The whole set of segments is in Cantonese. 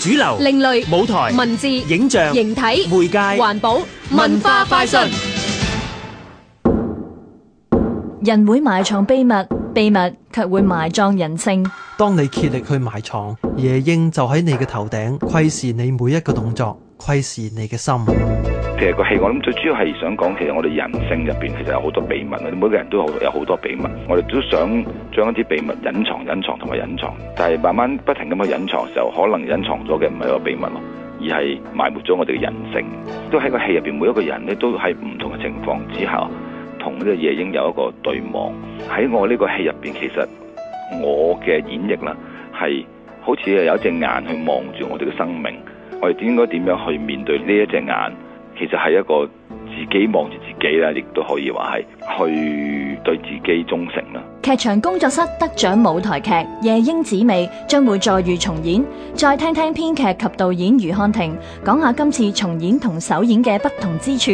主流、另類、舞台、文字、影像、形體、媒介、環保、文化快訊。人會埋藏秘密，秘密卻會埋葬人性。當你竭力去埋藏，夜鷹就喺你嘅頭頂，窺視你每一個動作，窺視你嘅心。其實個戲我諗最主要係想講，其實我哋人性入邊其實有好多秘密，每個人都有好多秘密，我哋都想將一啲秘密隱藏、隱藏同埋隱藏，但係慢慢不停咁去隱藏嘅時候，可能隱藏咗嘅唔係個秘密咯，而係埋沒咗我哋嘅人性。都喺個戲入邊，每一個人呢都喺唔同嘅情況之下，同呢個夜鷹有一個對望。喺我呢個戲入邊，其實我嘅演繹啦，係好似有一隻眼去望住我哋嘅生命，我哋應該點樣去面對呢一隻眼？其實係一個自己望住自己啦，亦都可以話係去對自己忠誠啦。劇場工作室得獎舞台劇《夜鷹姊魅》將會再遇重演，再聽聽編劇及導演余漢庭講下今次重演同首演嘅不同之處。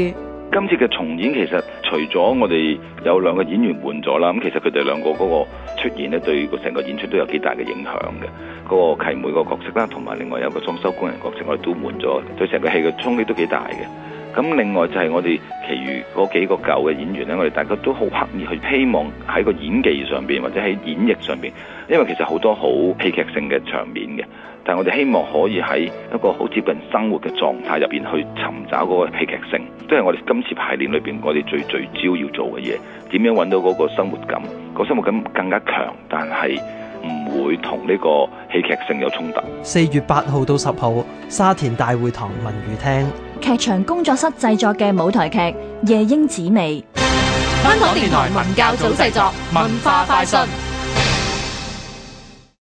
今次嘅重演其實除咗我哋有兩個演員換咗啦，咁其實佢哋兩個嗰個出現咧，對成個演出都有幾大嘅影響嘅。嗰、那個契妹個角色啦，同埋另外有個裝修工人角色，我哋都換咗，對成個戲嘅衝擊都幾大嘅。咁另外就係我哋，其餘嗰幾個舊嘅演員咧，我哋大家都好刻意去希望喺個演技上邊或者喺演繹上邊，因為其實好多好戲劇性嘅場面嘅，但係我哋希望可以喺一個好接近生活嘅狀態入邊去尋找嗰個戲劇性，都係我哋今次排練裏邊，我哋最聚焦要做嘅嘢，點樣揾到嗰個生活感，個生活感更加強，但係。唔會同呢個戲劇性有衝突。四月八號到十號，沙田大會堂文娛廳劇場工作室製作嘅舞台劇《夜鷹姊魅》。香港電台文教組製作文化快訊。